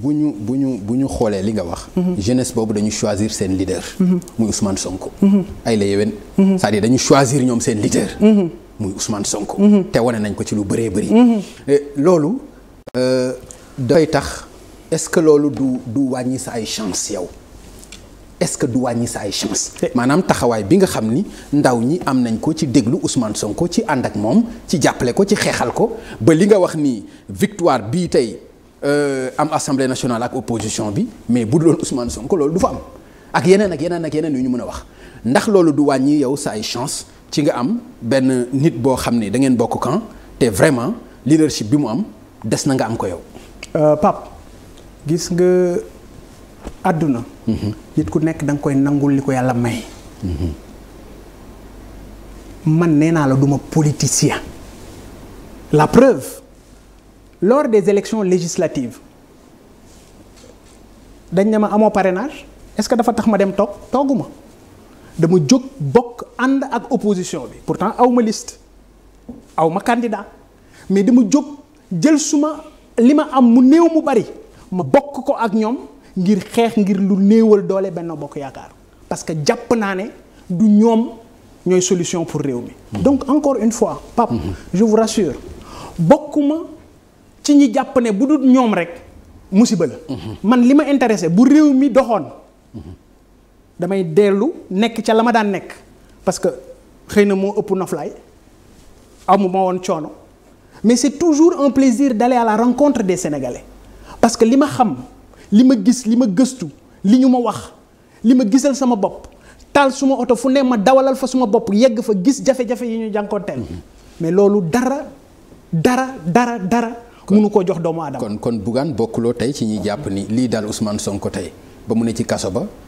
bu ñu bu ñu bu ñu xoolee li nga wax. Mhm. jeunesse boobu dañu choisir seen leader. Mhm. muy Ousmane Sonko. Mhm. ay la yewen. c'est-à-dire dañu choisir ñoom seen leader. muy Ousmane Sonko. te wane nañ ko ci lu bëree bëri. loolu euh, dafay tax est-ce que loolu du du wàññi sa ay chance yow. est-ce que du wàññi sa ay chance eh. maanaam taxawaay bi nga xam ni ndaw ñi am nañ ko ci déglu Ousmane Sonko ci ànd ak moom ci jàppale ko ci xeexal ko ba li nga wax ni victoire bii tey Euh, am assemblée nationale ak opposition bi mais bu dul woon Ousmane Sonko loolu du fa am ak yeneen ak yeneen ak yeneen yu ñu mën a wax ndax loolu du wàññi yow sa ay chance ci nga am benn nit boo xam ne da ngeen bokk camp te vraiment leadership bi mu am des na nga am ko yow. Euh, Pape gis nga àdduna. Mhm. nit ku nekk da nga koy nangul li ko yàlla may. Mhm. man nee naa la duma politicien la preuve. lors des élections législatives dañ ne ma amoo parrainage est-ce que dafa tax ma dem toog tooguma dama jóg bokk ànd ak opposition bi pourtant aw ma liste aw ma candidat mais dama jóg jël suma li ma am mu néew mu bari ma bokk ko ak ñoom ngir xeex ngir lu néewal doole benn Bokk Yaakaar parce que jàpp naa ne du ñoom ñooy solution pour réew mi. Mmh. donc encore une fois. Pape mmh. je vous rassure bokkuma. ci ñi jàpp ne bu dul ñoom rek musiba la. man li ma intéressé bu réew mi doxoon. damay dellu nekk ca la ma daan nekk. parce que xëy na moo ëpp noflaay amuma woon coono mais c'est toujours en plaisir d'aller à la rencontre des Sénégalais parce que li ma xam li ma gis li ma gëstu li ñu ma wax li ma gisal sama bopp taal suma oto fu ne ma dawalal fa suma bopp yegg fa gis jafe-jafe yi ñu jànkoonteel mais loolu dara dara dara dara. munu ko jox doomu aadama. kon kon Bougane bokkuloo tey ci ñi jàpp ni lii daal Ousmane Sonko tey ba mu ne ci kaso ba